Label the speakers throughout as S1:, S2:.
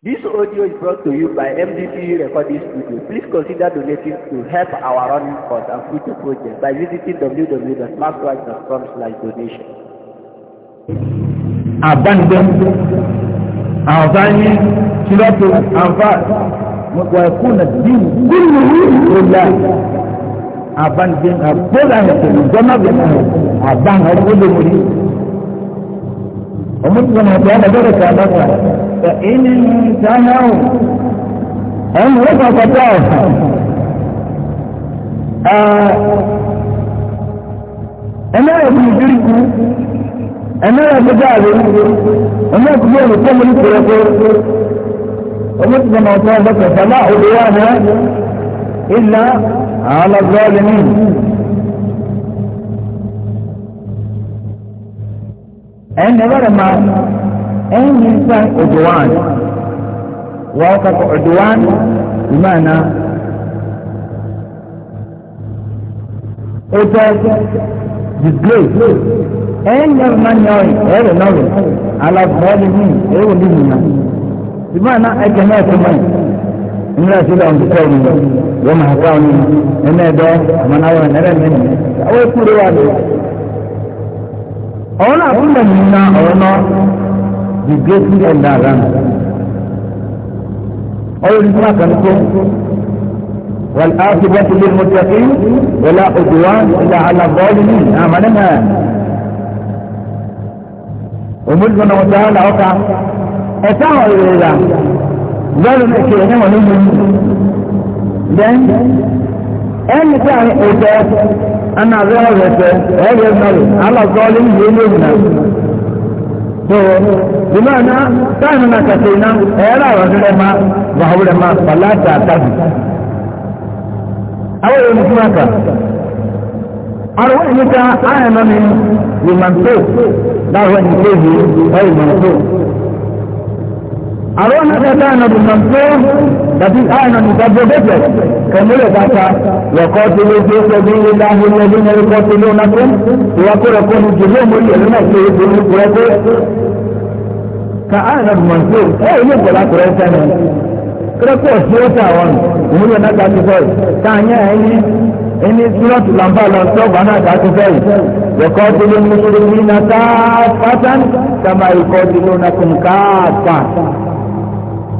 S1: This audio is brought to you by MDPU Recording Studio. Please consider donating to help our running costs and future projects by visiting www.smartwatch.com slash donation.
S2: Abandon. Àǹfààní
S1: Ṣírọ́pù àǹfààní wà kúnà dín kúlù ìrọ̀lá. Abandon àbúrò àìsàn abandon bẹ̀rẹ̀ àbáhàn olómọdé.
S2: ومسلم هذا درجة بقى فإن انتهوا أن رفع فتاوى آه، أنا أبن جريكو
S1: أنا أبجعل أنا أبجعل كم لكي ومسلم هذا فلا عدوانا إلا على الظالمين ẹnna ẹbẹrẹ ma ẹnyin sẹ ọdọwan wọn kakọ ọdọwan ìmọ̀ọ́nà ọjọ́
S2: disgrace
S1: ẹnyin ẹbẹrẹ ma nyọ ẹbẹrẹ nọrọ alabọọlù mi ẹwọ ní mi náà ìmọ̀ọ́nà ẹkẹ náà tó mọ̀ nígbà tí lọ́wọ́ nǹkan ọ̀hún wọ́n máa ká ọ̀hún ẹ̀mẹ́ẹ̀dọ́ àmọ́náwọ̀ ẹ̀rẹ́ mẹ́rin àwọn èkúrò wà lóyún ọ̀rọ̀ àbúlẹ̀ mi na ọ̀rọ̀ náà the greatly ẹ̀dá ara nù
S2: ọ̀rọ̀ ní sọ́nà kan tó wọ́n á ti bọ́ sílé mo tẹ̀ kí wọ́lá òjò wa ìlà àlàbọ́ọ̀lù mi àmàlẹ́ mẹ́
S1: òmùdùn náà wọ́n ti hàn láwọ́ta ẹ̀ta ọ̀rọ̀ ìrẹ̀lá
S2: lọ́rọ̀ lẹ́kẹ̀ ẹ̀ níwọ̀n ní mo ní then ẹni tí a ń ana abẹ́ ọ̀rẹ́ fẹ́ ẹ̀rẹ́ mẹ́rin alọ́gọ́lé ń yé lónìí náà. tó ìmọ̀ iná táìmù náà kẹsẹ̀ iná ẹ̀rọ àwọn ọ̀rẹ́ máa wà wúrẹ́ máa pàlátà àtàbí. àwọn
S1: èèyàn fún àkà ọ̀rọ̀ wọ́n níta ayẹ̀mọ́ mi ìmọ̀ tó àwọn akẹta ànàbù mọ̀tò tàbí àyànà nìkàbọ̀ bẹ́tẹ̀ kẹmílẹ̀ kàkà lọ́kọ́ tó lé tó sọ́dún ilé láàbù lọ́dún ẹ̀rí kọ́ tó lé ọ̀nàkó ìwákọ̀rọ̀ kọ́ ní jùlọ mọ́ ìyẹ̀lú náà tó lé tó lé kúrẹ́kọ́. ka àyànà mọ̀tò ẹ̀ ilé ìgbọ̀lá kúrẹ́ sẹ́nu kúrẹ́kọ́ sí ó tà wọn òun yẹn náà kàtó sọ́ọ̀ káàyà ẹni ẹni sírọ́ọ̀tù làǹbà lọ sọ́ọ̀bù náà kàtó sọ́ọ̀ wọ́kọ́ tó lé mùsùlùmí náà káàpátá kàmá ìkọ́ tó lé ọ̀nàkùn káàpá.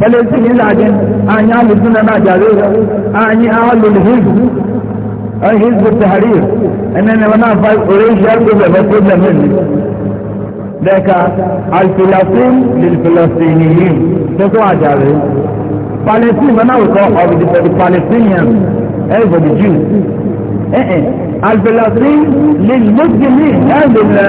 S1: bale sun yi lajin an yi alusuna na jarira an yi alul hizbu an hizbu tahrir ina ne wani afai orishiyar problem problem ne daga alfilafin lilfilastiniyin da kuma jarira palestine mana wukọ of the for the palestinians and for the jews
S2: eh eh
S1: alfilafin lilmuslimin and the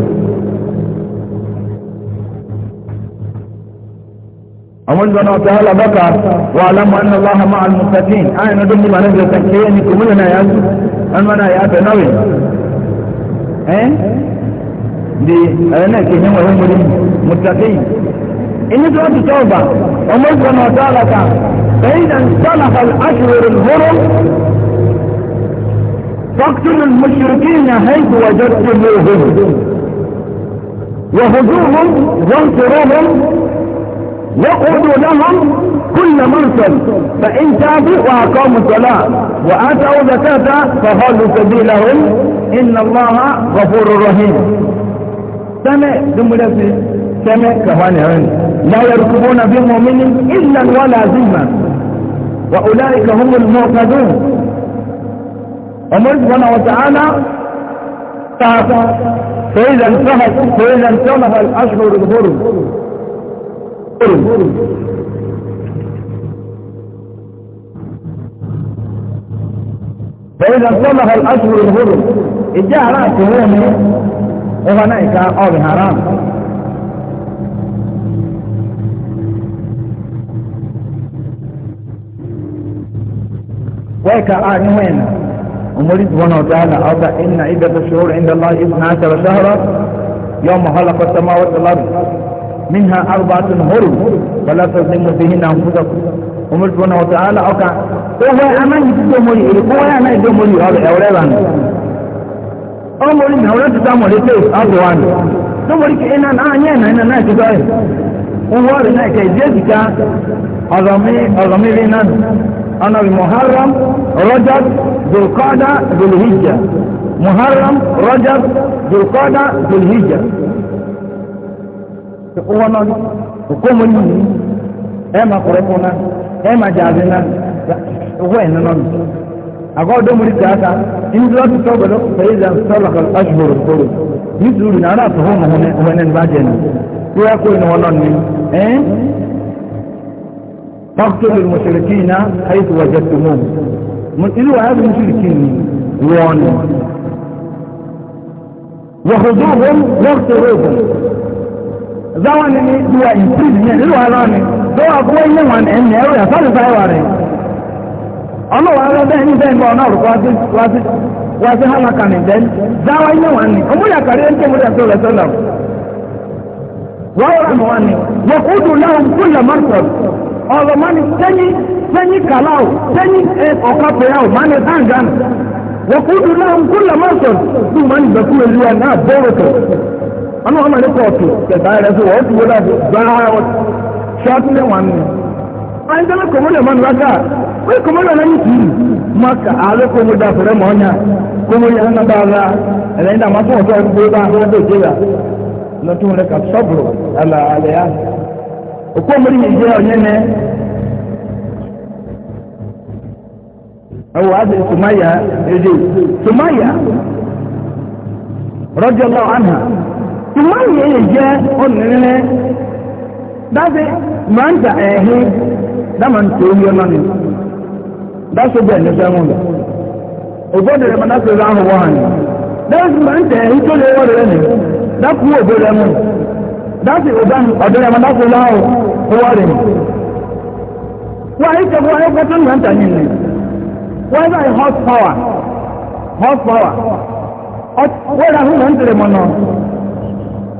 S1: أمن دون وتعالى بقى وعلم أن الله مع المتقين آية ندني ما نزل تنكيني كملنا يا أنا يا أبي نوي إيه دي أنا كي هم هم متقين إن سورة التوبة دون بنا وتعالى فإذا انصلح الأشهر الهرم فاقتل المشركين حيث وجدتموهم وهجوهم وانصروهم وقعدوا لهم كل مرسل فإن تابوا وأقاموا الصلاة وآتوا زكاة فخلوا سبيلهم إن الله غفور رحيم سمع جملة سمع كفاني عين لا يركبون بمؤمن إلا ولا ذمة وأولئك هم المعتدون
S2: ومر سبحانه وتعالى تعطى فإذا انتهت فإذا
S1: انتهى الأشهر الغرب فإذا صلح الأشهر الهرم الجاه رأس الرومي من أغنائك أو بحرام ويكا آن وين ومريد سبحانه وتعالى أرضى إن عدة الشهور عند الله إثنى عشر شهرا يوم خلق السماوات والأرض منها أربعة حرم فلا تظلموا بهن أنفسكم ومن سبحانه وتعالى أوكا هو أمان يتجمري هو أمان يتجمري هذا أولادان أمري من أولاد تتعمل لتيس أرضوان نمري كإنا نعنينا إنا نأتي بأي هو رنا كيزيزك أظامي أظامي لنا أنا بمحرم رجب ذو القعدة ذو الهجة محرم رجب ذو القعدة ذو الهجة owó náà ni òkú mo ní yìí ẹ máa kọ̀rọ̀ fún náà ẹ máa jà àbí náà owó ẹ̀ nínú mi. àgọ́ ọdọ́ mo ní tìáta ní ti lọ́sí tó gbọdọ̀ pẹ̀lú ìlà sọ́lọ̀ aṣọ́rọ̀ kóró ní sùúrù ní ara àtọ̀hún mọ̀ wọn ẹni bá jẹ nù wíwá kó inú wọn náà ni ẹ́ tọ́kítọ́ lè mọ̀ṣẹ̀lẹ̀kì náà ayé ti wàjẹ́ tó mọ́ ìlú àyàbí mọ̀ṣẹ̀lẹ̀kì zawani ni duwa improve ne nínú ara ni lọ́wọ́ àbúwọ́ ilé wọn ẹ̀mí ẹ̀rọ yà sáré sáré wà rẹ̀ ọlọ́wọ́ ara bẹ́ẹ̀ ní bẹ́ẹ̀ ní ọ̀nà ọ̀rùkọ́ wá sí hálàkà ní bẹ́ẹ̀ zawa ilé wọn ni ọmọ yà kàrí ẹni tó mú rẹ̀ sọ́lẹ̀ sọ́lẹ̀ wọ́n rà mọ́ wọn ni wọ́n kú dùn láwọn kúlẹ̀ mọ́tọ̀ ọ̀rọ̀ mani sẹ́yìn sẹ́yìn kàláwò sẹ́yìn ọ̀ká pẹ̀yàwó mani dáńgánà wọ́n kú dùn láwọn kúlẹ̀ mọ́tọ̀ dùn mani bẹ̀kú ẹ̀lú ẹ̀ náà bọ́rọ̀ tọ̀ wọn náà wọn máa ní kóòtù kẹta rẹ fún wọn ó ti wọlé àbò gbára wọn ṣáàtú lé wọn ni. àyìn tẹ́lẹ̀ kòmólè mọ́ ní wákà wọ́n kòmólè náà ní kì í mọ́ ká àlọ́ kòmólè àfẹ́rẹ́ mọ́ ọ́nyà kòmólè náà bá ara ẹ̀rẹ́ ní àmọ́ fún ọ̀tọ́ ọ̀gbẹ́ bá àwọn ọ̀dọ́ ìjẹ́yà lọ́tún rẹ̀ kà sọ́bùrù àlàálẹ̀ yá. òkú òmùrí yìí jẹ́ ọ̀nyẹ́nẹ́ أو هذه سمية إيدي سمية رضي الله عنها ìmáyì èyí jẹ́ ọ̀nìrìnrìn dáṣe máa ń ehi ẹ̀hìn dáma ń tó yẹ lọ́nà dáṣe bẹ́ẹ̀ ní sẹ́wọ̀n lọ òbọ̀dé rẹ̀ máa dáṣe láhùn wọ́n hàn dáṣe máa ń tẹ̀ ẹ̀hìn tó lè wọ́n rẹ̀ obere dákú òbó rẹ̀ mú dáṣe ọ̀dọ́ rẹ̀ máa dáṣe láhùn wọ́n rẹ̀ nì wọ́n wọ́n ayé hot power
S2: hot power wọ́n rà hùn náà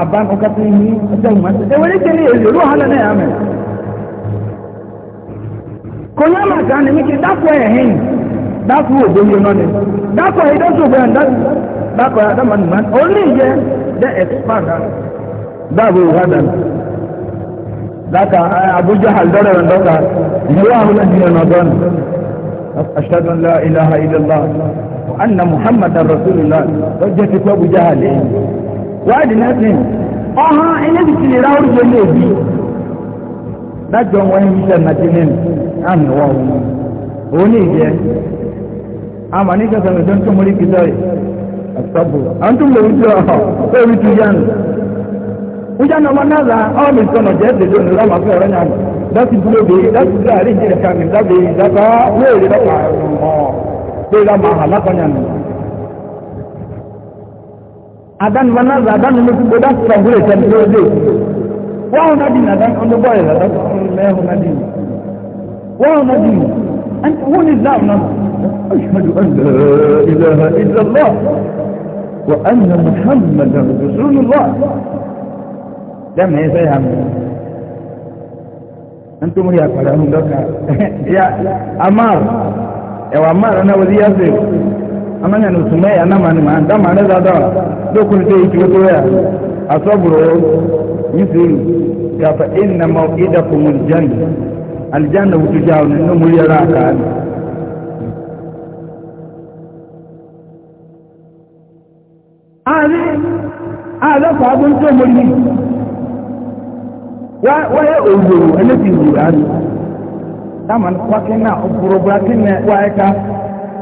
S1: aban ọkata ihe ọsẹ mmadụ enwere ike na eri ruo hala na ya mere kọnyá ma ka na mike dapụ ya hen dapụ obo ihe nọ ne dapụ ya dapụ obo ya dapụ ya dapụ ya only ihe the expand dapụ ya dapụ daka abuja haldara da doka yiwa hula jiya na don ashhadu an la ilaha illallah why the nothing
S2: ọ̀hán eléyìí ti lè ra oríṣi ní òbí
S1: lájọ wọn ní iṣẹ́ nàìjíríà àmì wọ́n wọn òun ní ìjẹ́ àmà ní sọ̀tàn ìjọ tó mórí kìí sọ̀rọ̀ àtọ́bù àwọn tó ń lò wíjọ orí ti yánu wíjọ náà wọn náà ra ọ́ọ̀mì sọ̀nà jẹ́ ẹ̀sẹ̀ lónìí lọ́wọ́ fún ọ̀rẹ́ náà láti dúró de láti dúró àríjì rẹ̀ kàmì lábẹ́ ìdábàá wéèrè lọ́wọ́ àrùn ọ̀ pé ra màá hà lákọ̀ọ́nyà nù. adan manaz adan ni ko da sangule tan do de wa na din adan on do boy la da me ho na din wa na din an hon islam na ashhadu an la ilaha illa allah wa anna muhammadan rasulullah da me sai ham antum ya fara hun doka ya amar ewa amar na wazi ya sai amanya na otu mee ya na mani ma da ma ne zada dokunte yi kiwo ya asaburo yisi ya fa inna mawqida kumul janna al janna wutu jawo ne no muri ra ka ali ala ko abun to muri wa wa ya owo ene ti ani taman kwakin na oburo brakin na ka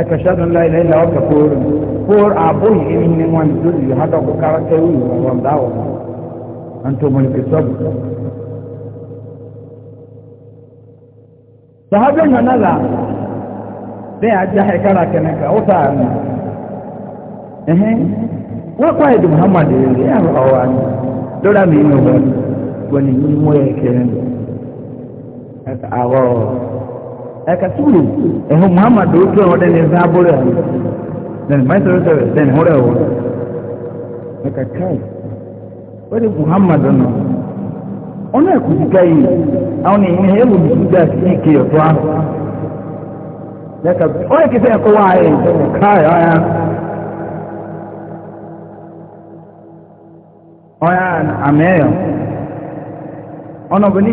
S1: ẹ̀ka ṣẹ́dùn láì lẹ́yìn náà ọ̀kẹ́ kóòrùn kóòrùn ààbò yìí ẹni ní wọn tó lè hádọ́ kó kára tẹ́wù ìwọ̀n dáwọ̀
S2: wọn tó mọ̀ nípa sọ́ọ̀bù.
S1: sàhábẹ́ yọ̀nà là bẹ́ẹ̀ ajá ẹ̀kára kẹ̀nẹ́kà ó tà ní ẹ̀hẹ́n wọ́n kọ́ ẹ̀dùn muhammad rẹ̀ ẹ̀ ọ̀wà ni lọ́dà mi ní ọ̀wọ́ ni wọ́n ni mú ẹ̀kẹ́rin àwọ̀ ẹ̀ka sùúrù ẹ̀hún muhammad ojú ẹ̀hún ọ̀dẹ́ni ẹ̀fẹ́ abúlé ẹ̀hún then my story tell us then hore ẹ̀hún ẹ̀ka káì wọ́n di muhammad ọ̀nà ọ̀nà ẹ̀kú sika yìí àwọn èèyàn ẹ̀hún ẹ̀wọ̀n bìbí dà sí ike ọ̀tọ́ ahọ́ ẹ̀ka ọ̀ ẹ̀kí sẹ́yìn kọ́ wáyé káì ọ̀yà ọ̀yà àmẹ́yọ̀ ọ̀nà ọ̀bẹ ní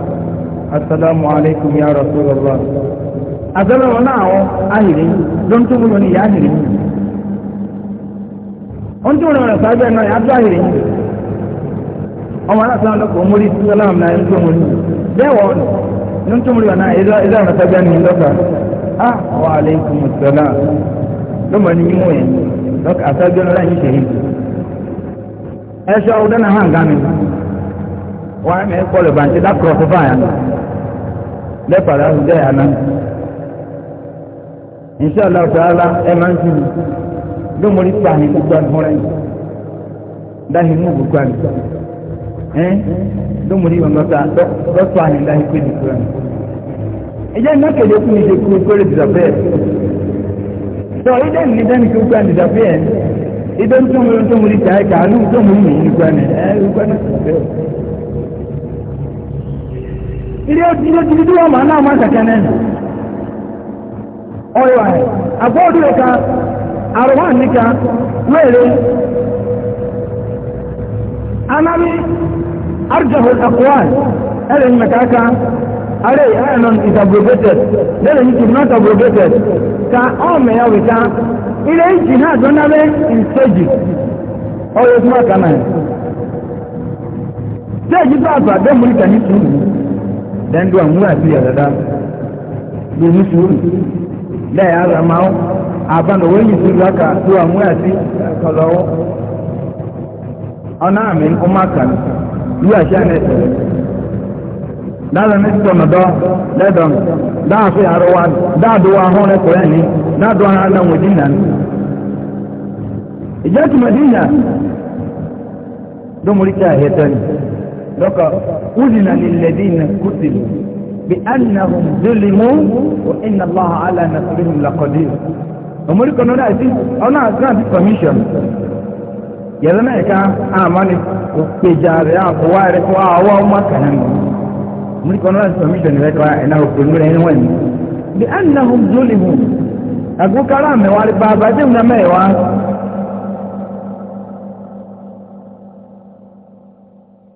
S1: assalamu alaikum ya rasulullah azara wala awon ahiri don to mun ya ahiri on to wala sabe na ya to ahiri o mara sa lo ko muri salam na en to muri de won non to muri na ida ida na sabe ni lo ka ah wa alaikum assalam lo man ni mo yen lo ka sabe na ni shehi ẹ ṣe ọdún náà hàn gánà wọn ẹ mẹ kọlù bàǹtí dákọ̀ọ́ fún fáyà náà lẹ́pàdà ń dẹ́ àná ìṣàlá ọ̀tàlá ẹ máa ń fi mi lómọrí pa àyìn gbogbo àgbọ̀n rẹ̀ dáhìn mú gbogbo àgbọ̀n ẹ lómọrí ọ̀nàta lọ́pọ̀ àyìn dáhìn pé nìkú rẹ̀ ẹjẹ́ iná kéde fún mi ṣe kú kórè dìdàbẹ́ tọ́ ilé ní dání kí gbogbo àdìdàbẹ́ ẹ̀ idó ń tó mú tó mú rí kàá ló ń tó mú mi nìkú rẹ̀ ẹ̀ gbogbo àdìdàbẹ́ ilé ilé tìbí tí wọ́n máa náà máa kẹ̀kẹ́ náà ọ̀rọ̀ ẹ̀ àbọ́ọ̀dù ọ̀ka àrùwá nìka wẹ́ẹ̀rẹ́ anáwí arjahul akwai ẹ̀rẹ̀ mẹ́kàkà ààrẹ ẹ̀rọ̀n is abrogated lẹ́rẹ̀ ní kìí not abrogated ka ọmọ ya wìta ilé ìjì náà dọ́nàwẹ́ ìsẹ́jì ọ̀rọ̀ ìsúnmọ́ kanáà sẹ́jì bá àbàdẹ́mù nìkan ní sùúrù dẹ́ndú àwọn e a ìyàdàdà lè ní sùúrù lẹ́yìn ara máa ń abánowó yìí sí lọ́kà tó àwọn àti ọlọ́wọ́ ọ̀nà àmì ń kó má kàn ní àṣẹ ànẹ́sẹ̀ dáadáa ní sọ̀nà dọ́ lẹ́dọ̀n dáàfin àrọwà dáàdọ́wà ahọ́n ẹ̀kọ́ ẹ̀ ní dáàdọ́ ara ne wò dínà ní. ìjẹ́ tùmọ̀ dínà ló mú rí ni. lọ́kọ̀ wúlìnà lèlèdínà kùtìlù bí annahum zulimu wa inna allaha ala nasrihim laqadir omori kan náà ti ọ̀nà grant permission yẹ̀rọ náà ẹ̀ka àmọ́ni òpèjà rẹ̀ àkọwà rẹ̀ ọmọ kanáà omori kan náà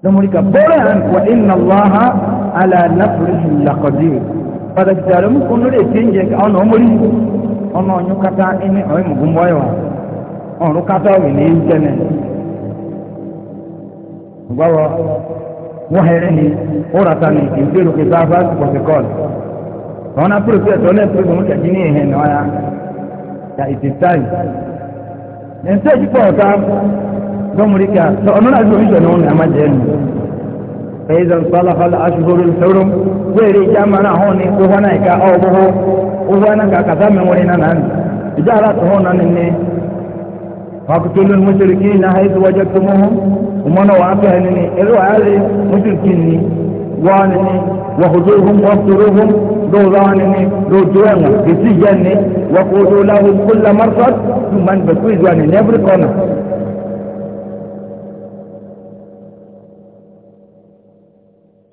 S1: domorika bọ́ọ̀rán wa inna allaha ala nafrihi laqadir pàtàkì tààrà mú kún lórí èké ìjẹ ọ̀nà ọmọrí ọ̀nà ọ̀nyún kata ẹni ọ̀rẹ́ mọ̀gún bọ́ọ̀yọ̀ ọ̀rún kata ọ̀rẹ́ ní ẹ̀yìn tẹ́lẹ̀ gbọ́wọ́ wọ́n hẹ̀rẹ́ ni ó rata ni ìgbéró kẹta bá pọ̀sẹ̀ kọ́ọ̀lù wọn á pèrè pèrè tọ́lẹ̀ pèrè mú kẹ̀kí ní ìhẹ̀ náà ya ìtìtáì تمرك تؤمن أزوج أنا هون عمل جن فإذا انطلق الأشهر الحرم ويري جمعنا هون وهنا كا أو به وهنا كا كذا نان جارت هون نني فاقتلوا المشركين حيث وجدتموهم ومن وعطوا هنني إلو علي مشركيني وانني وخذوهم واقتلوهم ذو ظانني ذو جوانا بسجني وقولوا لهم كل مرصد ثم انبتوا إذواني every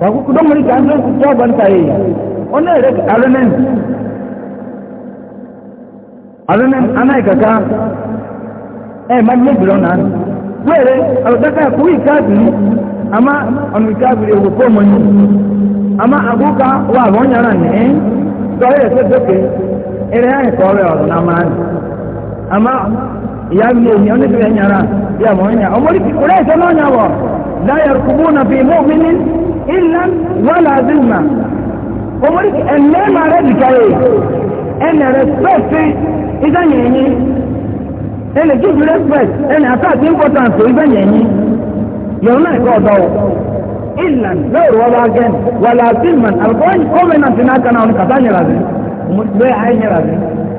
S1: kakú kúndó mú ní kí andré kú tó ọgbọ́n tàyè ọ̀nà èrè arúnẹ́n arúnẹ́n anáìkàká ẹ̀ má ní ìbìrọ̀ náà wẹ́rẹ́ alùpàkà kú ìkáàbìrì àmà ọ̀nà ìkáàbìrì òwò kó mọ́ ní àmà àgùkà wà àwọn yàrá nìyẹn sọ̀rọ̀ ọ̀rọ̀ náà máa ní àmà ìyá mi yàrá bí àwọn yàrá ilan wala zimma omori ẹnlẹ mara dikaye ẹnna respect iza yẹnyi ẹnna give respect ẹnna attach importance to iza yẹnyi yẹn náà kọ ọdọ ilan lóòrò wọn bá gẹn wala zimma alukóyin kọ́mẹ́nà ti náà kan náà kàtà nyẹra zi bẹ́ẹ̀ ayé nyẹra zi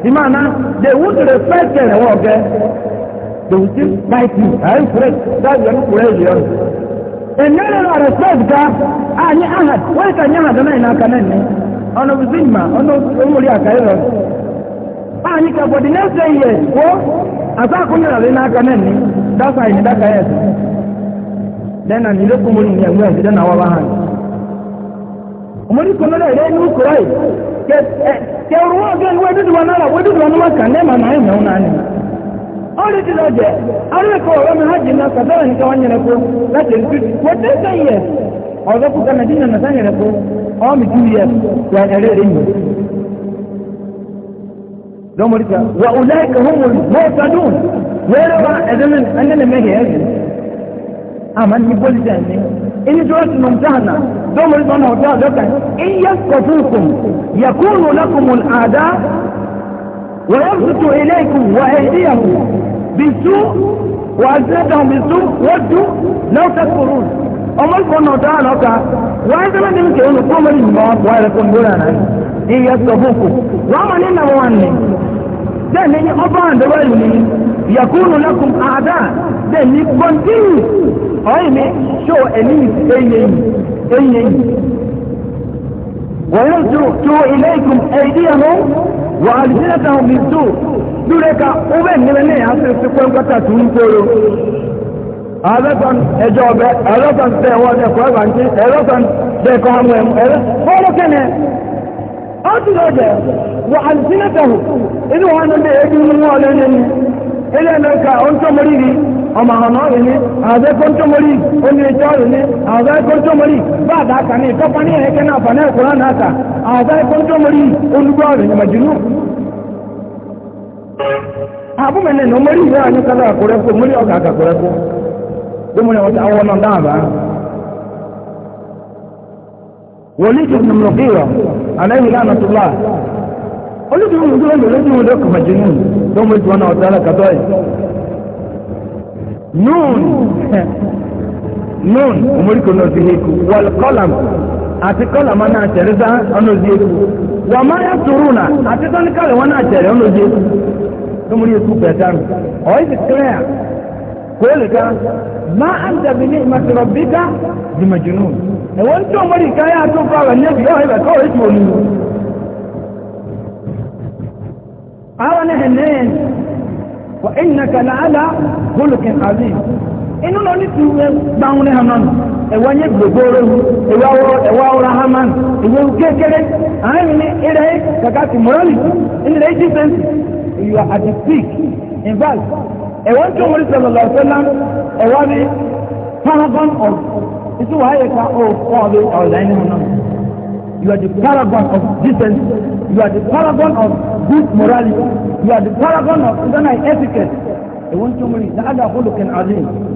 S1: ìmàna they would respect ẹ̀rẹ̀ wọ́n gẹ́ they would still fight you àyè kúrẹ́ dáàbì ẹ̀rú enere na respect ka anyị ahad wee ka anyị ahad anaghị n'aka na nne ọnụ zimma ọnụ omori aka ịrọ anyị ka bọdị na-ese ihe kwuo asa akụnye na n'aka na nne dasa anyị daka ya esi dena ni ile kumuri ni yangu ya dena wa bahani umuri kono na ile ni ukurai ke eh, ke ruwa gen wedu wana la wedu wana makande mana yeye ọrẹ ti lọ jẹ arẹkọ ọrọ mi hajj náà kàtàrà ní káwọn yẹrẹ kó láti ẹni tó wọ́n tẹ́ sẹ́yìn yẹ ọ̀dọ́ kúta nàìjíríà náà sáyẹn yẹrẹ kó ọ́ mi tú yẹ wà ẹ̀rẹ́ rẹ̀ yìí. lọ́mọdé ta wà ó láì kà hóun mọ́ọ̀tà dùn wẹ́rẹ́ wa ẹ̀dẹ́mẹ́ ẹ̀dẹ́mẹ́ mẹ́hẹ̀ ẹ̀ rẹ̀ àmà ní bọ́lí tẹ̀ ní ẹni tó ti nù dáhàná lọ́mọdé tó náà ọ̀dọ́ àdọ́kà ẹ̀yẹ kọ̀tùnkùn yàkúrò lákùnmùn àdá wọ́n yẹ́ tuntun ilé ikú wà ẹ̀díyàwó بالسوء وألزمتهم بالسوء ودوا لو تكفرون أما يكون تعالى وكا وإذا ما دمك يقول قوم للموت وإلكم بلانا إن يصفوكم وما لنا مواني then any urban the world ni yakunu lakum aada then ni continue or ni show any eyeyin eyeyin ويرجو إليكم أيديهم وألسنتهم بالسوء dure ka ube nime ne ya se si kwen kata tu nkoro ẹlọ́sàn ẹjọ́ ọbẹ̀ ẹlọ́sàn tẹ ẹwọ́ ẹ̀kọ́ ẹ̀wà ń tí ẹlọ́sàn tẹ ẹ̀kọ́ ọmọ ẹ̀mú ẹ̀rẹ́ fọ́ọ̀rọ̀ kẹ́nẹ̀ ó ti lọ jẹ́ wà á sí lẹ́tọ̀hù inú wọn lè ẹgbẹ́ inú wọn lé nínú ilé ẹ̀mẹ́ka ó ń tó mọ́rí rí ọmọ àwọn ọ̀rẹ́ ní ààrẹ kọ́ńtọ́mọ́rí oníṣẹ́ ọ̀rẹ́ ní ààrẹ kọ́ńtọ́mọ́rí ní ìtọ́pá ní ẹ̀ẹ́kẹ́ náà fà náà kúrò abu mene no mori ya anyo kala akore ko ga akore ko do mo ne wata awo no da ba walid ibn mughira alayhi lanatullah
S2: walid ibn mughira ndo le ndo ko majnun do mo tuana ka toy nun nun
S1: umuri ko no àti kọ́là máa náà tẹ̀lé sá ọ̀nà òsì èkú wà máa yẹ sùúrù nà àti tọ́ni kọ́là wọn náà tẹ̀lé ọ̀nà òsì èkú tó mú yẹ kú bẹ̀ẹ̀ta nù ọ̀yẹ́ ti kílẹ̀ à kó lè ká máa ń dàbí ní ìmọ̀tẹ̀rọ̀ bí ká di màjúnù ẹ̀wọ́n tó mọ́ ní káyà tó fà wà níbi yọ̀ ẹ̀bẹ̀ kọ́ ètò òní. àwọn ní hẹ̀nẹ́yìn wà ìnàkàlà àlà gbólùkìn àbí inú lọ ní tìwé gbáwọn ní hàn náà ẹ̀wọ́ nye gbogboro ẹ̀wọ́ awọ́ra haman ẹ̀wọ́ kékeré àárín ní ìrẹ́ kàkà sí morality ìrẹ́ difference you are at the peak in fact ẹ̀wọ́ tí wọ́n sọ lọ́lọ́ sọ́lá ẹ̀wọ́ bí paragon of ìtú wàá yẹ ká ó fọ́ ọ̀bẹ ọ̀dà ẹni náà you are the paragon of decency you are the paragon of good morality you are the paragon of ìdáná etiquette ẹ̀wọ́ tí wọ́n sọ lọ́lọ́ sọ́lá ẹ̀wọ́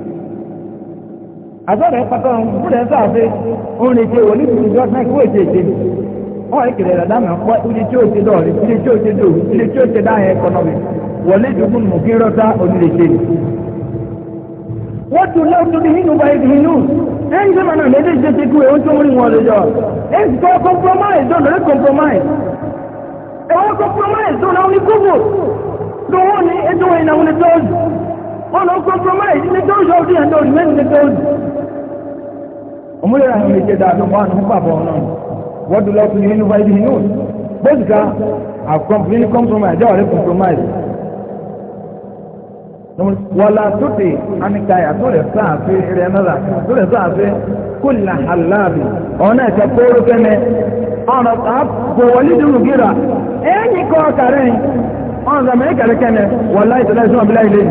S1: àtọ́rẹ̀ pàtàkì ọ̀hún fúnlẹ̀ sáàfẹ́ òun lè ṣe oníbìrì jọ́sán kí wọ́n ṣe èdè mi wọ́n yẹ kẹlẹ̀ rẹ̀ dáná kọ́ ilé tí ó ṣe dọ̀ọ̀rẹ́ ilé tí ó ṣe dò ilé tí ó ṣe dáhẹ́ ẹ̀kọ́nọ́mì wọlé dùgbùn mú kí rọ́tà onílẹ̀ṣẹ́ mi. wọ́n tún lọ́wọ́ tó ní hinú bá ibi hinú ẹ̀yìn tí màná lédè ṣe ti kú ewu tó múrin wọn lójọ èyí kọ́ compromise tó compromise ẹ̀wọ́n compromise tó náà ní kúbù tó wọ́n wọ́n lọ compromise ní tó ṣọ́ sí ẹ̀ndọ́ òní mẹ́rin tó dì òmúlẹ̀rẹ̀ àwọn ìṣẹ̀dá àdúgbò àwọn ọmọ àbọ̀ náà wọ́n dùn lọ́kùn nínú báyìí nínú bóòtù ká àkọ́mpìnì compromise jẹ́ ọ̀rẹ́ compromise wọ́lá tó ti anìkàyà tó lè sáà fi rẹ̀ náà tó lè sáà fi kúlà aláàbì ọ̀nà ẹ̀kẹ́ kóró fẹ́mẹ́ ọ̀nà àbòwọlídìrú gíra ẹ̀yìn kọ́ ọ̀kàrẹ́yìn ọ̀nà ìgbà mẹ́rin kẹ̀lẹ́ kẹ́nẹ̀ wà láì tẹ̀lé ìṣúná bí láì lè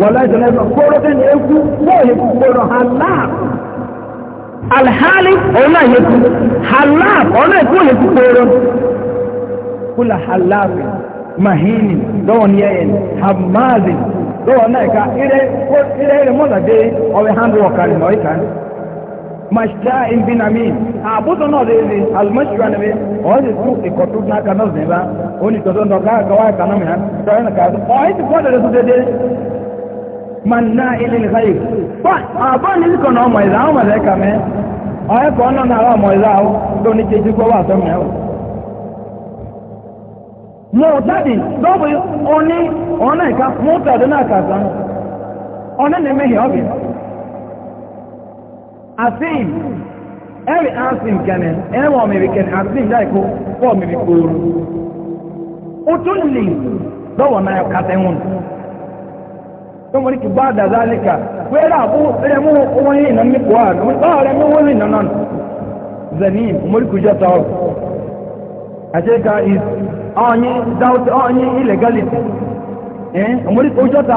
S1: wà láì tẹ̀lé ìṣúná kóró tẹ́ ní ekú wọ́ọ̀yẹ kúkúrò halal alhali ọ̀nà ìyẹkú halal ọ̀nà ìkú òyẹ kúkúrò kúlà halal mahini lọ́wọ́ ní ẹ̀yẹ hamazin lọ́wọ́ náà ìka ire ire mọ́tàdé ọ̀rẹ́ handwork mashita ibn amin àbútọ náà lè rí almashita ni mi ọ̀hún ti tún ìkọ̀tù náà kan náà nìyẹn bá ó ní tọ́tọ́ náà ká àkàwá ẹ̀ka náà mìíràn sọ̀rọ̀ ní ká ọ̀hún ti fọ́dọ̀ lẹ́sùn dédé man náà ilé ní sáyé bọ́n àbọ̀ ní ìkọ̀ náà ọmọ ìlà àwọn ọmọdé kà mẹ́ ọ̀hún kọ́ náà náà ọmọ ìlà ó tó ní jẹjú gbọ́ wà tó mìíràn mo jáde lọ́wọ́ oní ọ̀nà ìka mo tàdé náà kà sán ọ̀nà ní mẹ́hìn ọ̀bìn asim ẹ̀rì asim kẹ́nẹ̀ ẹ̀wọ̀n mẹ́rin kẹ́nẹ̀ láìkó pọ̀ mẹ́rin kóoru ó otu lè lọ́wọ́ náà kàtẹ́wọ̀n tó mọ̀ bá dàdá líka wẹ́rẹ́ àbú rẹ̀mú wọ́n yìí nà mípò àrẹ wọ́n rẹ̀mú wọ́n yìí nà nà zani mọ̀ríkù is ọ̀nyí doubt ọ̀nyí illegality ẹ̀ mọ̀ríkù jẹ́ta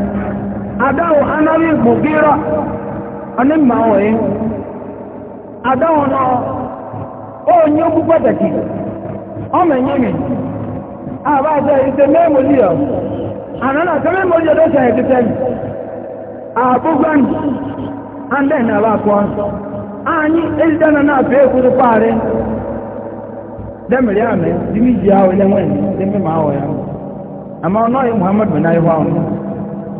S1: adáwọ̀ anáwí ìgbògírà onímọ̀ ẹ̀ adáwọ̀ náà ó ní ó púpọ̀ ọmọ ẹ̀yẹ́ àbá àjọ ìṣẹ́ mẹ́mòlì ọ̀ àrẹ́nà ṣe ẹ̀kẹ́tẹ́ mi anyị na-apụ ekwuru paarị demiri amị dị miji ya ile nwanyị dị mmemme ahụ ya ama ọ nọghị muhammad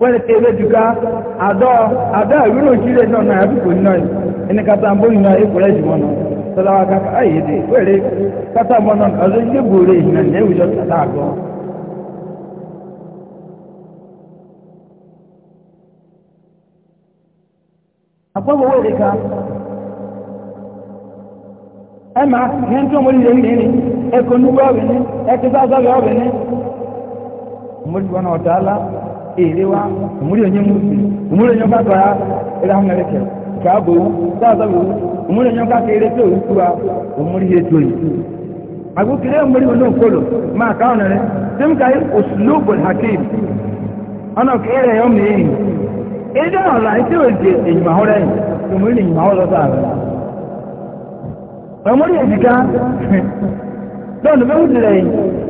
S1: wọ́n ti ebe adọ adọ́ adọ́ ìwúrò òṣìṣẹ́ náà náà àbíkò náà ẹni katambó náà ẹkùrẹ́ jùmọ́ náà sọláwà kàkà ayéde wẹ́rẹ́ katambó náà ọdún ilé gbòòrè ìhìnà ní ẹwùjọ tàtà àgọ́. àpapọ̀ owó ẹ máa ní ẹni nílé ní ẹni nígbà sáà erewa omuli onye musi omuli onye nkakora era hameleke kabowu sazabowu omuli onye nkaka erete owukuba omuli yetoyi agukire omuli ono okolo ma ka onere simkai uslubul hakim ana kere ya meyi ida ola ite oje enyima hore omuli enyima hore sabe omuli ejika lọ́nà mẹ́wùdìrẹ̀ yìí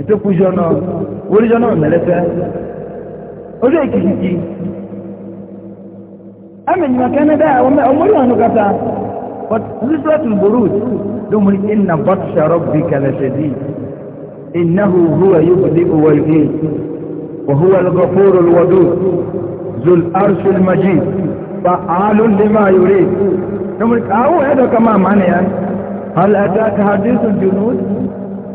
S1: ìtòkù jọ̀nà orí jọ̀nà mẹ́lẹ́fẹ́ orí èkìtì amẹ̀yìn akẹ́nẹ́dá ọmọdé wọn kata but zisratul buruz domin inna batsha rabbi kalashadi innahu huwa yubdi wa yuhid wa huwa al-ghafur al-wadud zul arsh al-majid fa'al lima yurid domin kawo ya da kama mana yan hal ataka hadithul junud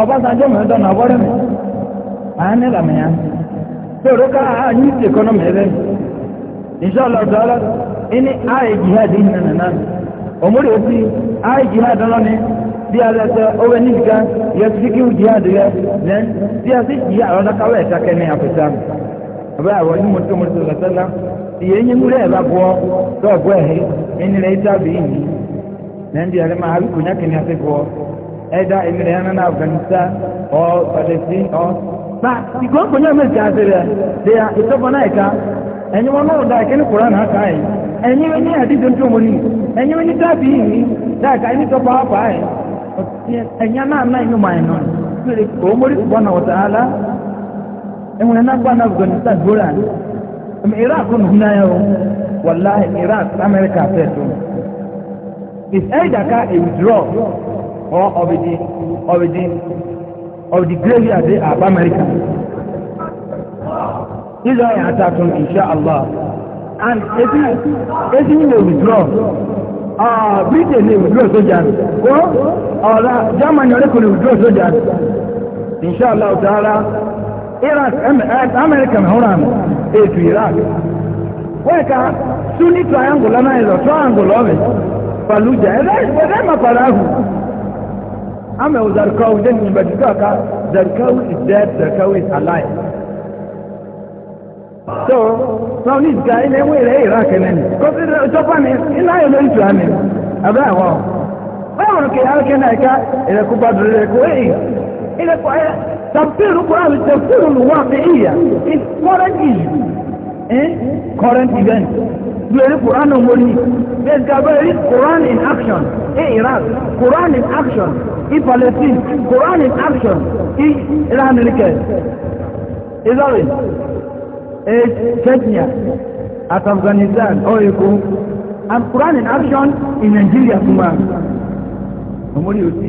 S1: ọbásanjọ́ mẹ́ta na ọgbọ́rẹ́ mi àánì làmì ya tòrò ká àánì ìtì ẹkọ́nọ́mì ẹ̀rẹ́ ìṣọ́lọ̀ tọ́lọ́ iní ààyè jihad ní nànà òmúrò sí ààyè jihad lọ́ni bí a lẹ́sẹ̀ owó níbìkà yẹtùsíkì jihad rẹ̀ lẹ́n bí a sì jì àrọ́dákáwọ́ ẹ̀ka kẹ́ni àpẹta ọbẹ̀ àwọn onímọ̀ ya mọ̀tò lọ́sẹ́lá ìyẹn yín múlẹ̀ ẹ̀bá bọ́ tọ́ọ̀bù ẹ̀hìn bụ ihe, ìtàbí ndị ha gụọ either in Iran Afghanistan or Palestine or but the government of America they are it's up on ẹni wọn náà dáa kẹ́ni kura náà ká yìí ẹni wọn ní àdídùn tó mọ nínú ẹni wọn ní yìí dáa ká bá yìí náà náà inú kò mórí náà wọ̀tá ala ẹ̀wọ̀n náà náà afghanistan gbóra iraq náà iraq amẹ́ríkà tó or of the of the of the graveyard day of America. These are Insha Allah,
S2: And if you, if you will withdraw, uh, Britain will withdraw soldiers,
S1: or, or uh, Germany will withdraw Insha Allah, ta'ala, Iraq, America mehoranu, etu eh, Iraq. Weka, Sunni triangle, ana hizo, triangle of it, Fallujah, ebe, ebe maparahu, Ama o Zarqawi then in Badukaka, Zarqawi is dead, Zarqawi is alive. So, from this guy, in a way, they are reckoning. Because it's a funny, in I know it's running. About wow. Well, okay, how can I get in a Kuba Drekway? In a Kuba, Tafsir Quran is Tafsir al-Waqi'iyya. It's foreign issue. Eh? current events lórí quran ọmọ ní bẹ́ẹ̀ gàbẹ́ rí quran in action ní iraq quran in action In palestine quran in action ní iran nìkẹ́ israel Kenya, at afghanistan ọ̀yẹ̀kọ́ and quran in action in nigeria kuma ọmọ ní òsì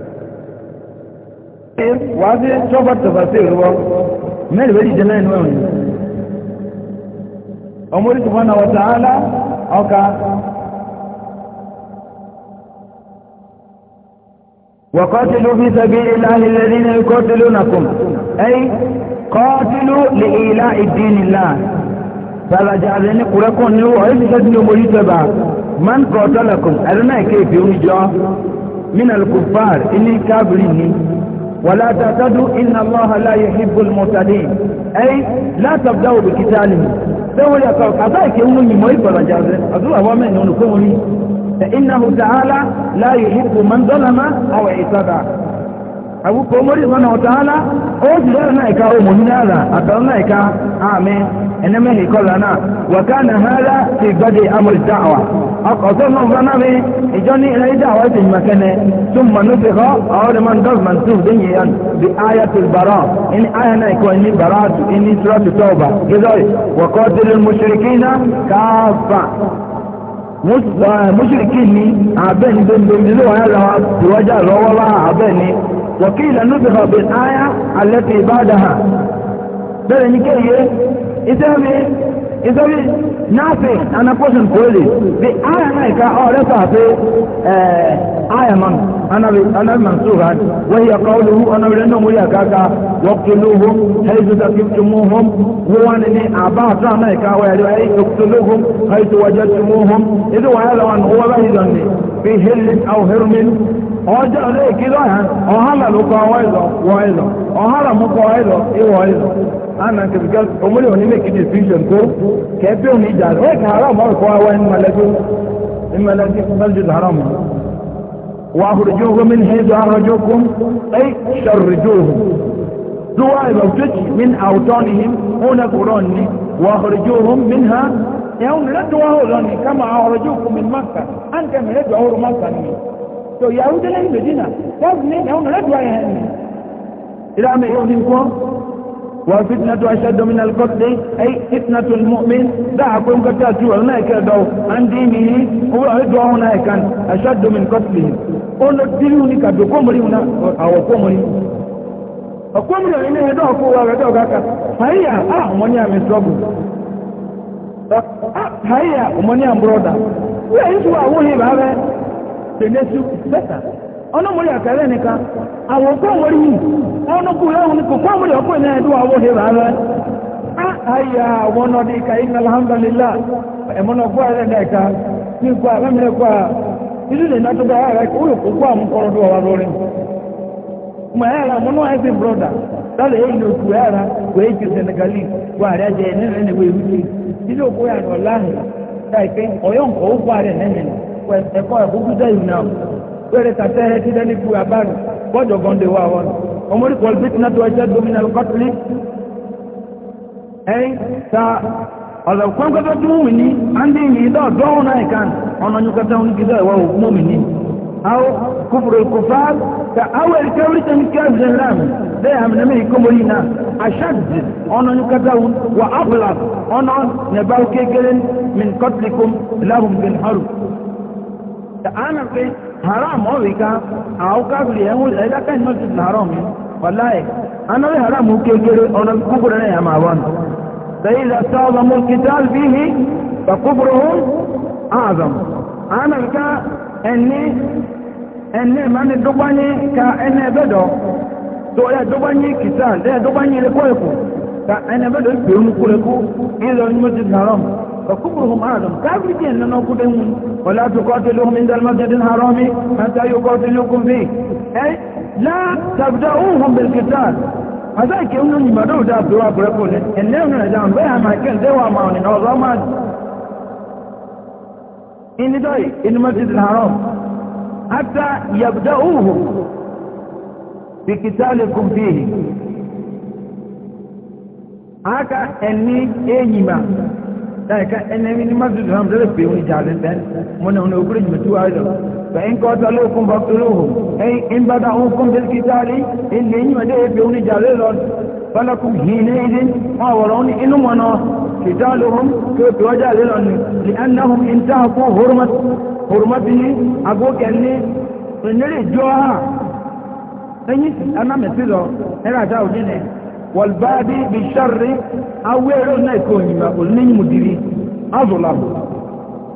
S2: tafsir wa zai tsobar tafsir ruwa mai da wani janayin wani
S1: umar subhanahu wa ta'ala aka وقاتلوا في سبيل الله الذين يقاتلونكم أي قاتلوا لإيلاء الدين الله فلا جعلني قرأكم نلو عيسى بن مريتبا من قاتلكم أرنا كيف يهجا من الكفار إني كابريني ولا تعتدوا إن الله لا يحب المعتدين أي لا تبدأوا بقتالهم سوى يقول أضاك يومي مريبا رجازة أدوها ومن ينكوني فإنه تعالى لا يحب من ظلم أو اعتدى أبو كومري سبحانه تعالى أوجد لنا إكاو مهنا هذا أكرنا إكا آمين إنما هي كلنا وكان هذا في بدء أمر الدعوة أقصرنا ظنامي إجاني إلى دعوة المكان ثم نفخ أول من دز منسوب دنيا بآية البراء إن آية نيكو إني براءة إني سورة توبة كذلك وقاتل المشركين كافة مشركين ni abẹ́ni bẹ́ẹ̀ ló wáyé lọ́wọ́ ìwọ́jà lọ́wọ́ wá abẹ́ni wọ́kí ìlànà ìfẹ́ ọ̀bẹ̀ áyá alẹ́ ti ìbáàdà hàn bẹ́ẹ̀ ni kéye isemi isemi nafe anakosan kwele bi aya na ka o le ta pe eh aya man ana bi ana mansuha wa hiya qawluhu ana bi no muriya kaka waqtuluhum haythu taqtumuhum huwa ni aba ta na ka wa ya ri waqtuluhum haythu wajadtumuhum idu wa la wan huwa bahidan fi hillin aw hirmin ọjọ́ ilé ìkílọ̀ ana nke because omori oni make a decision ko kẹfẹ oni ìjà rẹ ka haram ọrọ kọ awa ẹni malẹju ẹni malẹju malẹju haram واخرجوه من حيث اخرجوكم
S2: اي شرجوه
S1: زوائب او من اوطانهم هنا قراني واخرجوهم منها يوم ردوا هولاني كما اخرجوكم من مكه انت من ردوا هول مكه تو يهود لهم مدينه لازم يوم ردوا يهني الى ما يؤمنكم والفتنة أشد من القتل أي فتنة المؤمن دعكم كتاتي هناك دو عن دينه هو عدو هناك أشد من قتله قلنا تلوني كدكمري هنا أو كمري أكمري إنه يدو أكو وغدو كاكا فهي أه أمني أمي سوبو فهي أمني أم برودا ويسوا أوهي بابا تنسوا بسا ọlọ́mọrí àkàrẹ́ nìkan àwòkọ́ wọ́rí yìí ọlọ́kù láwọn ní kòkó àmúrí ọkọ̀ ìlànà ẹ̀dọ́ àwọ̀ hìrà rẹ̀ àyà àwọn ọdí ka ìgbà alhamdulilá ẹ̀mọ́nà ọgbọ́ rẹ̀ lẹ́ẹ̀ka ní ikú àmẹ́mẹ́kọ́ à ìlú lè náà tó bá rẹ̀ kó yóò kókó àmúkọrọdọ̀ wà lórí mọ̀ lọ́lẹ̀ èyí ẹ̀rà èjì were tatere tidani ku abaru bodo gonde wa won omori kol bitna to aja dominal qatli ay ta ala kwan ko do mu'mini andi ni do do na ikan ono nyuka ta uni kido wa mu'mini au kufru al kufar ka awel kawri tan kan zalam de am na mi komorina ashad ono nyuka ta un wa afla ta'anan pe haram o wika aw ka bi e mul ila kan no jid haram wallahi ana we haram u ke kere ona kubra ne ama wan فإذا استعظم القتال فيه فكبرهم أعظم أنا كا أني أني من الدباني كا أني بدو تو يا دباني قتال ده دباني لكوكو كا أني بدو بيوم كوكو إذا المسجد الحرام فكبرهم أعظم كافرين لنا قدهم ولا تقاتلهم عند المسجد الحرام حتى يقاتلوكم فيه أي لا تبدأوهم بالقتال هذا كأنه يبدو ذا الدواء بركون إنهم نجام بها ما كان دواء معون عظاما إن داي إن المسجد الحرام حتى يبدأوهم
S2: بقتالكم فيه
S1: هكا أني أيما ذلك أنني المسجد هم ذلك بيوم جالسا من هنا أقول جمتوا أيضا فإن قتلوكم فاقتلوهم أي إن بدأوكم بالقتال إن لهم ذلك بيوم جالسا فلكم حينئذ ما ورون إنهم أنا قتالهم كيف وجه لأنهم انتهكوا حرمة حرمته أقول أني فنري جوها أنا مثله أنا جاء جنيه والبادي بالشر أو يرون يكون ما قلني مديري أظلم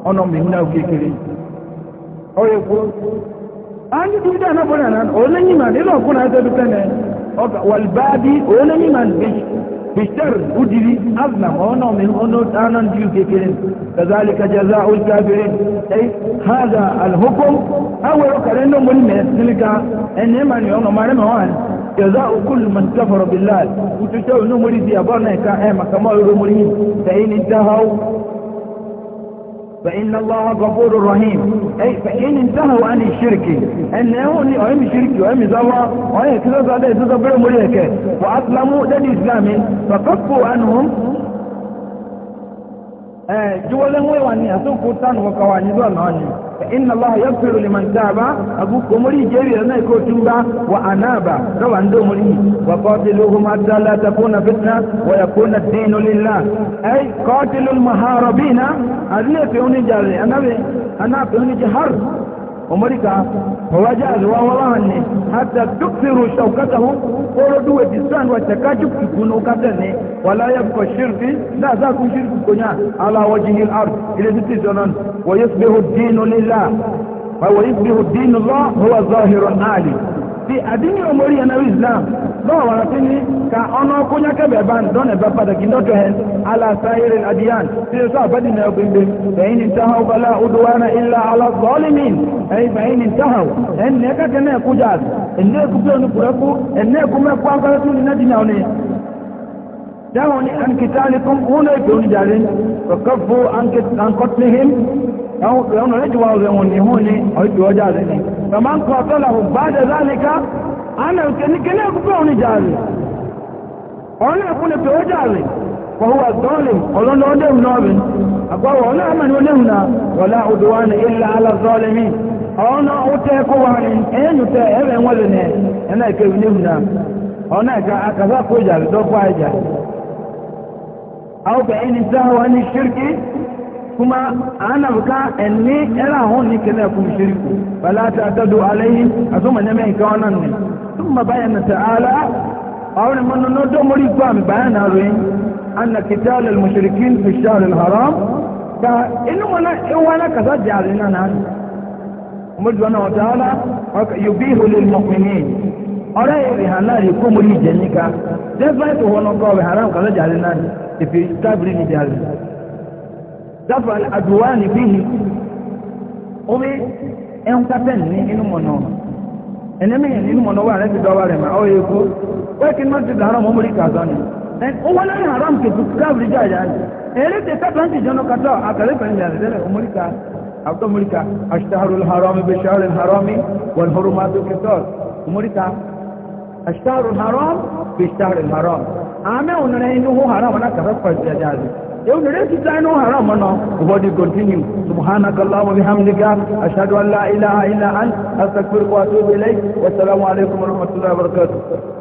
S1: أنا من هنا وكيكري أو يقول أنا دي ده أنا بنا أولني ما نلا أكون هذا بتنا والبادي أولني ما بالشر مديري أظلم أنا من هنا أنا ديو كيكري كذلك جزاء الكافرين أي هذا الحكم أو يقول إنه من مسلك إنما يوم ما رمى جزاء كل من كفر بالله utosha unumuri dia bana ka كما kama unumuri saini فإن الله غفور رحيم أي فإن انتهوا عن الشرك أن يهوني أهم شركي وأهم زوا وأهم كذا زادة يتزبروا مريكا وأسلموا دل إسلام فكفوا عنهم jiwalin waiwa ne a sun kuta na wakawa ni zuwa nawa ne inna Allah ya firu liman taba abu ko muri jeri da nai ko tuba wa anaba rawa ndo muri wa qatiluhum hatta la takuna fitna wa yakuna ad-din lillah ay qatilul maharibina aziya fi unijal anabi ana fi unijal umurika wawaja alwa wawane hata tuksiru shaukatahu olodu webisan wachakachu kikuno katane wala yabqa shirki la za kushirku kunya ala wajhi al-ard ile zitizonan wa yusbihu ad-din lillah wa yusbihu ad-din Allah huwa zahirun alim ti adini omori yana islam don wa rafi ni ka ọna kunya kebe ban don ebe padaki ndoto hen ala sahirin adiyan ti so abadi na ogun be bayin intahaw bala udwana illa ala zalimin ay bayin intahaw en ne ka kana kuja en ne ku pelu kuraku na dina one dawoni an kitalikum una tuni jarin fa kaffu an àwọn òkèrè ọ̀nà lẹ́jù wọn rẹ̀ wọn ni hún ní ọjọ́ ọjà rẹ̀ ni bàbá ń kọ́ ọ̀tọ́lá ò bá jẹ́ záníká àánà òkè ní kílé ẹ̀kúkọ́ òní jà rẹ̀ ọ̀nà ẹ̀kún lè pèrè jà rẹ̀ pọ̀hú àtọ́lẹ̀ ọlọ́nà ọdẹ́hùn náà rẹ̀ àgbáwọ̀ ọ̀nà àmàni olẹ́hùn náà wọ̀lá odò wa ní ilẹ̀ alazọ́lẹ̀ mi ọ̀nà ẹ̀rẹ̀ wọn lè nẹ ẹ̀nà ìkẹrù níhùn náà ọ̀nà ẹ̀ka akàfà kó ìjà rẹ̀ dọ́gbà ìjà àwọn bẹ̀yìn ní sáwọn ní ṣírkì kuma ana buka enne era hon ni kala kun shirku fala ta tadu alaihi azuma ne mai ka wannan ne thumma bayana ta'ala awon man no do mori ko am bayana ruin anna qital al mushrikin fi shahr al haram ka inu wana wana kaza jarina na mudi wana wa ta'ala yubihu lil mu'minin ọ̀rẹ́ ìrìhàn náà rí mo rí ìjẹ́ níka dẹ́gbẹ́ tó wọn kọ́ ọ̀rẹ́ haram kaza jarina ni ìfi tábìlì ni jarina dáfà àdùwá níbí ni omi ẹnkátẹ́ ní inú mọ̀nà ẹnẹ́mí nínú mọ̀nà wà rẹ̀ ti dọ́wà rẹ̀ mà ọ́ èkó wọ́n kí ní wọ́n ti dàárọ̀ mọ́ mórí kàzọ́ ni ó wọ́n lẹ́yìn haram kìtù káàbìrì jà yá ni èrè tẹ sẹ́tọ̀ǹtì jọ́nà kàtọ́ àkàrẹ́ fẹ̀yìn yàrá tẹ́lẹ̀ mórí ká àbútọ́ mórí ká aṣtáharul harami bẹ ṣáharul harami wọn horo máa tó kẹtọ́ mórí ká aṣtáharul haram bẹ ṣáharul haram àmẹ́ òun rẹ̀ inú haram náà kàfẹ́ pàṣẹ يوجد تانو هرمنا وبدي كونتينيو سبحانك اللهم وبحمدك اشهد ان لا اله الا انت استغفرك واتوب اليك والسلام عليكم ورحمه الله وبركاته